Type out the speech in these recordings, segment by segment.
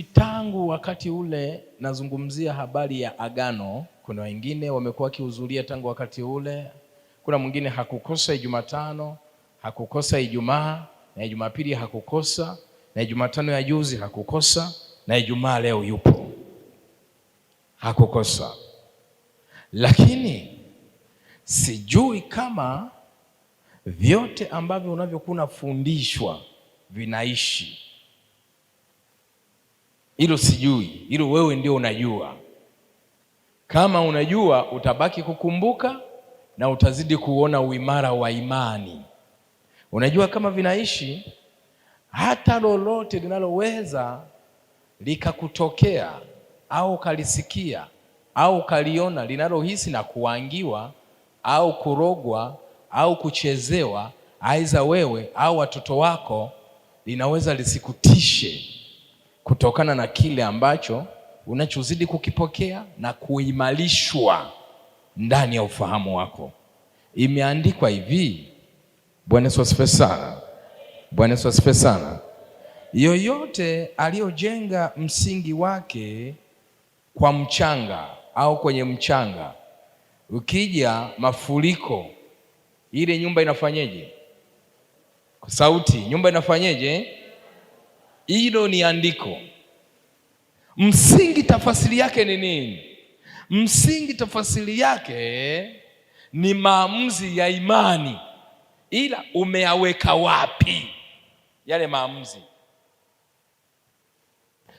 sijui tangu wakati ule nazungumzia habari ya agano. Kuna wengine wamekuwa wakihudhuria tangu wakati ule, kuna mwingine hakukosa Ijumatano, hakukosa Ijumaa na Jumapili hakukosa na Jumatano ya juzi hakukosa na Ijumaa leo yupo, hakukosa. Lakini sijui kama vyote ambavyo unavyokuwa fundishwa vinaishi hilo sijui, hilo wewe ndio unajua. Kama unajua, utabaki kukumbuka na utazidi kuona uimara wa imani. Unajua kama vinaishi, hata lolote linaloweza likakutokea au kalisikia au kaliona, linalohisi na kuangiwa au kurogwa au kuchezewa, aiza wewe au watoto wako, linaweza lisikutishe kutokana na kile ambacho unachozidi kukipokea na kuimarishwa ndani ya ufahamu wako. Imeandikwa hivi. Bwana Yesu asifiwe sana. Bwana Yesu asifiwe sana. Yoyote aliyojenga msingi wake kwa mchanga au kwenye mchanga, ukija mafuriko, ile nyumba inafanyeje? Kwa sauti, nyumba inafanyeje? Hilo ni andiko msingi. Tafasiri yake ni nini? Msingi tafasiri yake ni maamuzi ya imani, ila umeyaweka wapi yale maamuzi?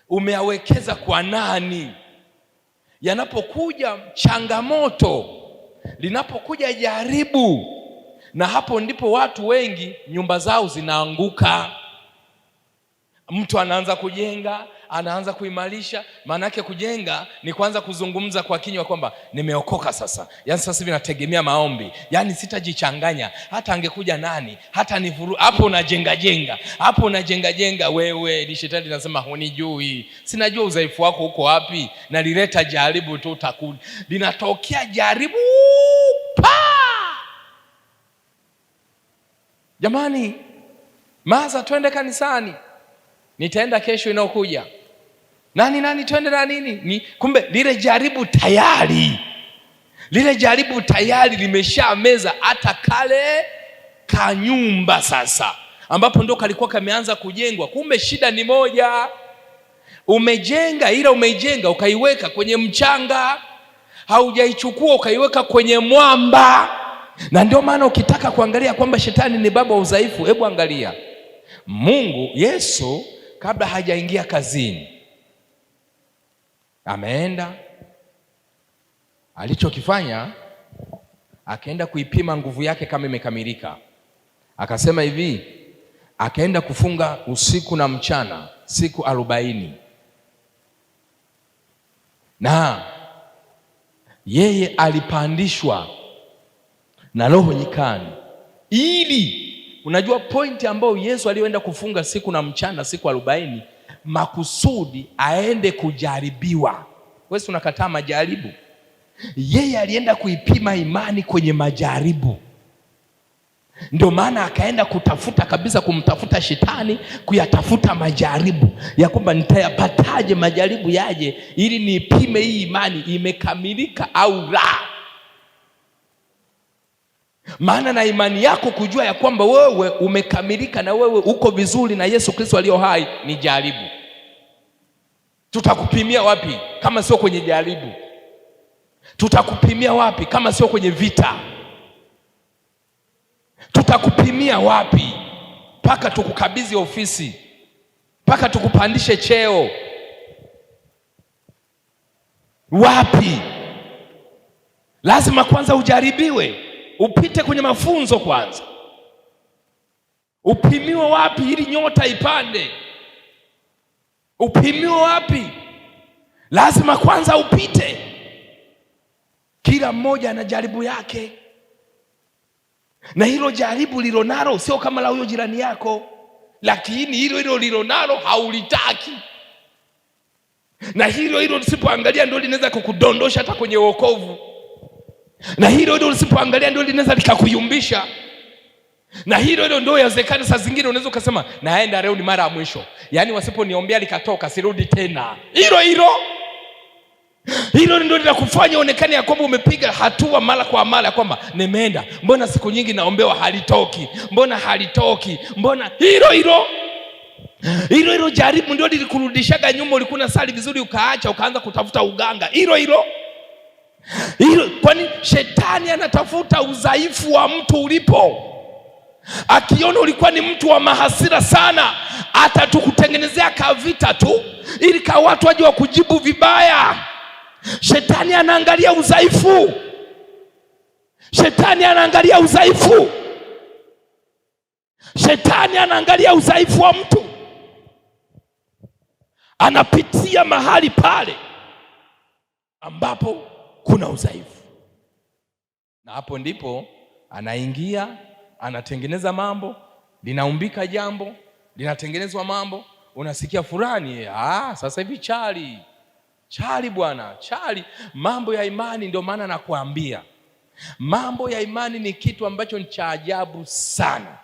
Umeyawekeza kwa nani? Yanapokuja changamoto, linapokuja jaribu, na hapo ndipo watu wengi nyumba zao zinaanguka mtu anaanza kujenga, anaanza kuimarisha. Maana yake kujenga ni kuanza kuzungumza kwa kinywa kwamba nimeokoka sasa, yani sasa hivi nategemea maombi, yani sitajichanganya, hata angekuja nani, hata nivuru. Hapo unajenga jenga, hapo unajenga jenga. Wewe ni shetani, nasema hunijui, sinajua udhaifu wako huko wapi, nalileta jaribu tu, utakuja linatokea jaribu pa jamani, maza twende kanisani nitaenda kesho inayokuja, nani nani, twende na nini ni, kumbe lile jaribu tayari, lile jaribu tayari limeshameza hata kale kanyumba sasa, ambapo ndo kalikuwa kameanza kujengwa. Kumbe shida ni moja, umejenga ila umeijenga ukaiweka kwenye mchanga, haujaichukua ukaiweka kwenye mwamba. Na ndio maana ukitaka kuangalia kwamba shetani ni baba wa udhaifu, hebu angalia Mungu Yesu kabla hajaingia kazini, ameenda alichokifanya akaenda kuipima nguvu yake kama imekamilika, akasema hivi, akaenda kufunga usiku na mchana siku arobaini, na yeye alipandishwa na roho nyikani ili Unajua pointi ambayo Yesu aliyoenda kufunga siku na mchana siku arobaini makusudi aende kujaribiwa. wesi unakataa majaribu? Yeye alienda kuipima imani kwenye majaribu. Ndio maana akaenda kutafuta kabisa, kumtafuta shetani, kuyatafuta majaribu ya kwamba nitayapataje majaribu yaje, ili niipime hii imani imekamilika au raa maana na imani yako kujua ya kwamba wewe umekamilika na wewe uko vizuri na Yesu Kristo aliyo hai ni jaribu. Tutakupimia wapi kama sio kwenye jaribu? Tutakupimia wapi kama sio kwenye vita? Tutakupimia wapi mpaka tukukabidhi ofisi, mpaka tukupandishe cheo? Wapi? Lazima kwanza ujaribiwe upite kwenye mafunzo kwanza, upimiwe wapi ili nyota ipande. Upimiwe wapi? Lazima kwanza upite. Kila mmoja ana jaribu yake, na hilo jaribu lilonalo sio kama la huyo jirani yako, lakini hilo hilo lilonalo haulitaki na hilo hilo usipoangalia ndio linaweza kukudondosha hata kwenye wokovu na hilo hilo usipoangalia ndio linaweza likakuyumbisha, na hilo hilo ndio yawezekana. Saa zingine unaweza ukasema naenda leo ni mara ya mwisho, yaani wasiponiombea likatoka sirudi tena. Hilo hilo hilo ndio linakufanya onekane ya kwamba umepiga hatua mara kwa mara, ya kwamba nimeenda, mbona siku nyingi naombewa halitoki, mbona halitoki, mbona hilo hilo hilo hilo jaribu ndio lilikurudishaga nyuma. Ulikuwa unasali vizuri, ukaacha, ukaanza kutafuta uganga. Hilo hilo hilo kwani shetani anatafuta udhaifu wa mtu ulipo. Akiona ulikuwa ni mtu wa mahasira sana, atatukutengenezea kavita tu ili ka watu waje wa kujibu vibaya. Shetani anaangalia udhaifu, shetani anaangalia udhaifu, shetani anaangalia udhaifu wa mtu, anapitia mahali pale ambapo kuna udhaifu, na hapo ndipo anaingia anatengeneza mambo, linaumbika jambo, linatengenezwa mambo, unasikia fulani, ah, sasa hivi chali chali bwana chali. Mambo ya imani, ndio maana nakuambia mambo ya imani ni kitu ambacho ni cha ajabu sana,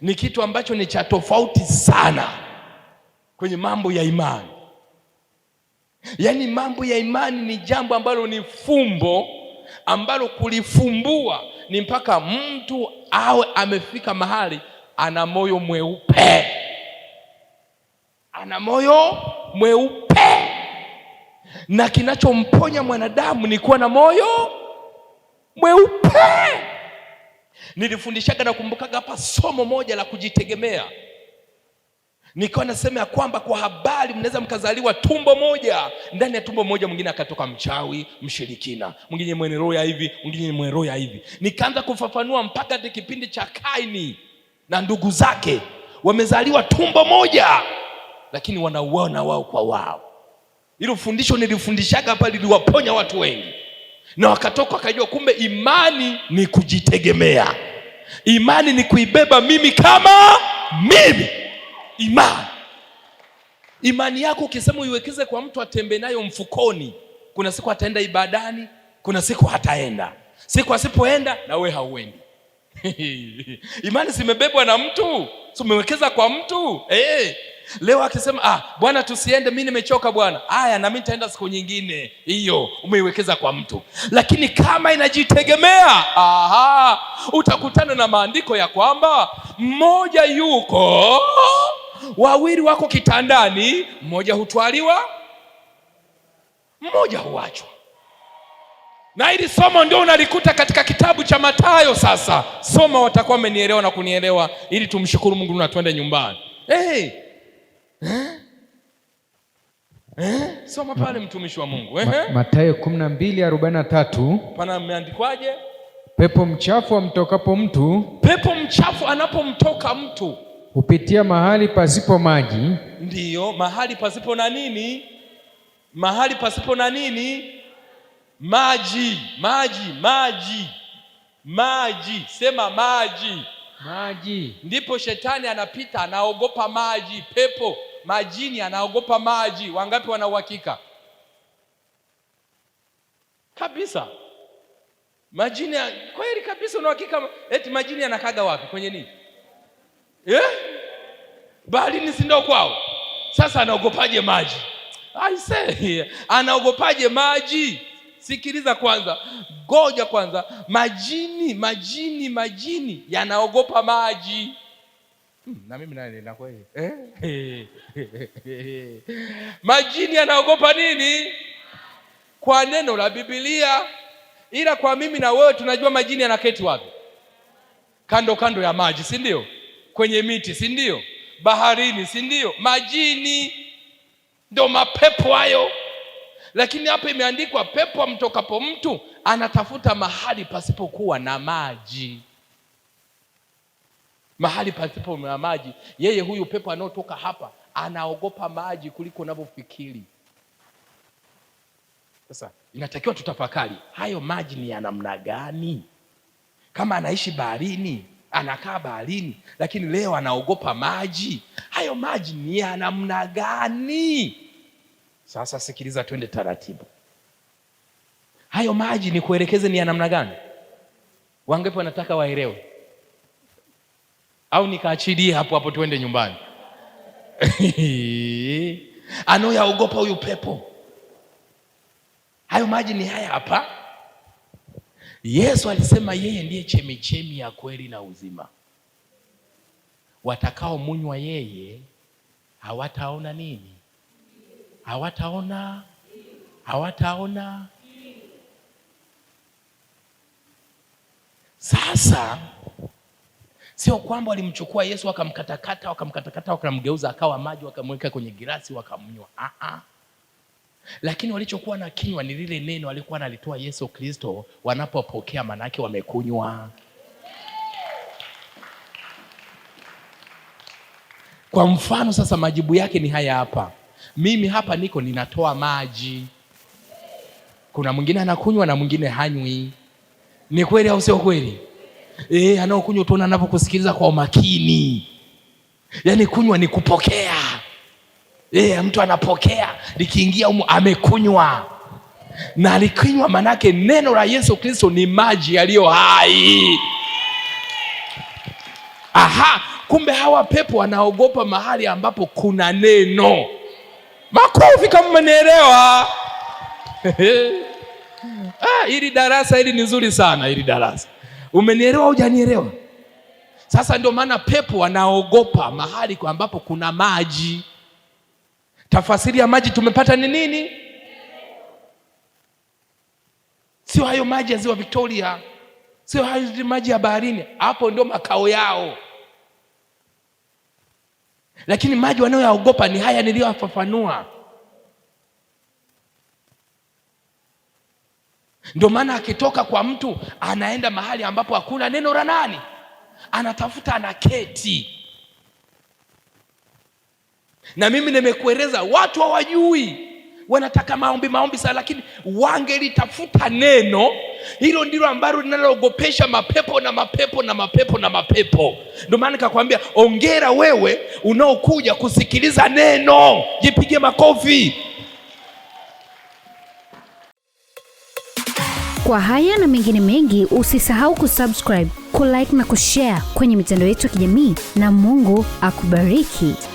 ni kitu ambacho ni cha tofauti sana kwenye mambo ya imani. Yaani mambo ya imani ni jambo ambalo ni fumbo ambalo kulifumbua ni mpaka mtu awe amefika mahali ana moyo mweupe, ana moyo mweupe. Na kinachomponya mwanadamu ni kuwa na moyo mweupe. Nilifundishaga na kumbukaga hapa somo moja la kujitegemea Nikawa nasema ya kwamba kwa habari mnaweza mkazaliwa tumbo moja, ndani ya tumbo moja mwingine akatoka mchawi, mshirikina, mwingine mwenye roho ya hivi, mwingine mwenye roho ya hivi. Nikaanza kufafanua mpaka kipindi cha Kaini na ndugu zake, wamezaliwa tumbo moja, lakini wanauana wao kwa wao. Hilo fundisho nilifundishaga hapa, liliwaponya watu wengi, na wakatoka wakajua, kumbe imani ni kujitegemea, imani ni kuibeba mimi kama mimi imani. Imani yako ukisema uiwekeze kwa mtu atembee nayo mfukoni, kuna siku ataenda ibadani, kuna siku hataenda. Siku asipoenda na we hauendi. Imani zimebebwa na mtu, umewekeza kwa mtu hey. Eh. Leo akisema ah, bwana tusiende, mi nimechoka bwana. Haya, na mimi nitaenda siku nyingine. Hiyo umeiwekeza kwa mtu, lakini kama inajitegemea, aha, utakutana na maandiko ya kwamba mmoja yuko wawili wako kitandani, mmoja hutwaliwa, mmoja huachwa. Na hili somo ndio unalikuta katika kitabu cha Mathayo. Sasa soma, watakuwa wamenielewa na kunielewa, ili tumshukuru Mungu na twende nyumbani. Hey. Eh? Eh? Soma pale mtumishi wa Mungu eh? Ma Mathayo 12:43 pana ameandikwaje? Pepo mchafu amtokapo mtu, pepo mchafu anapomtoka mtu hupitia mahali pasipo maji, ndiyo mahali pasipo na nini? Mahali pasipo na nini? Maji, maji, maji, maji. Sema maji, maji. Ndipo shetani anapita, anaogopa maji. Pepo majini anaogopa maji. Wangapi wana uhakika kabisa majini? Kweli kabisa, uhakika? eti majini anakaga wapi? Kwenye nini? yeah? baharini, si ndio kwao? Sasa anaogopaje maji? I say anaogopaje maji? Sikiliza kwanza, ngoja kwanza. Majini, majini, majini yanaogopa maji. Hmm, na mimi naye na kweli eh? majini yanaogopa nini? Kwa neno la Biblia. Ila kwa mimi na wewe tunajua majini yanaketi wapi? Kando kando ya maji, si ndio? kwenye miti, si ndio? Baharini, si ndio? Majini, ndo mapepo hayo. Lakini hapa imeandikwa pepo amtokapo mtu anatafuta mahali pasipokuwa na maji, mahali pasipo na maji. Yeye huyu pepo anaotoka hapa anaogopa maji kuliko unavyofikiri. Sasa inatakiwa tutafakari hayo maji ni ya namna gani, kama anaishi baharini anakaa baharini, lakini leo anaogopa maji. Hayo maji ni ya namna gani? Sasa sikiliza, twende taratibu. Hayo maji ni kuelekeze ni ya namna gani? wangepe wanataka waelewe? Au nikaachilie hapo hapo, tuende nyumbani? Anaoyaogopa huyu pepo, hayo maji ni haya hapa Yesu alisema yeye ndiye chemichemi ya kweli na uzima, watakaomunywa yeye hawataona nini? Hawataona, hawataona. Sasa sio kwamba walimchukua Yesu wakamkatakata, wakamkatakata, wakamgeuza akawa maji, wakamweka kwenye girasi, wakamnywa. Ah ah lakini walichokuwa na kinywa ni lile neno alikuwa analitoa Yesu Kristo. Wanapopokea manake wamekunywa. Kwa mfano sasa, majibu yake ni haya hapa. Mimi hapa niko ninatoa maji, kuna mwingine anakunywa na mwingine hanywi. Ni kweli au sio kweli? E, anaokunywa tuona anavyokusikiliza kwa umakini, yaani kunywa ni kupokea Yeah, mtu anapokea likiingia humu amekunywa, na likinywa manake neno la Yesu Kristo ni maji yaliyo hai. Aha, kumbe hawa pepo wanaogopa mahali ambapo kuna neno. Makofi kama mmenielewa. Ah, hili darasa hili ni nzuri sana hili darasa. Umenielewa hujanielewa? Sasa ndio maana pepo wanaogopa mahali ambapo kuna maji Tafasiri ya maji tumepata ni nini? Sio hayo maji ya ziwa Victoria, sio hayo maji ya baharini. Hapo ndio makao yao, lakini maji wanayoyaogopa ni haya niliyoyafafanua. Ndio maana akitoka kwa mtu anaenda mahali ambapo hakuna neno la nani, anatafuta anaketi na mimi nimekueleza watu hawajui wa wanataka maombi maombi sana, lakini wangelitafuta neno hilo, ndilo ambalo linaloogopesha mapepo na mapepo na mapepo na mapepo. Ndio maana nikakwambia, ongera wewe unaokuja kusikiliza neno, jipige makofi. Kwa haya na mengine mengi, usisahau kusubscribe, kulike na kushare kwenye mitandao yetu ya kijamii, na Mungu akubariki.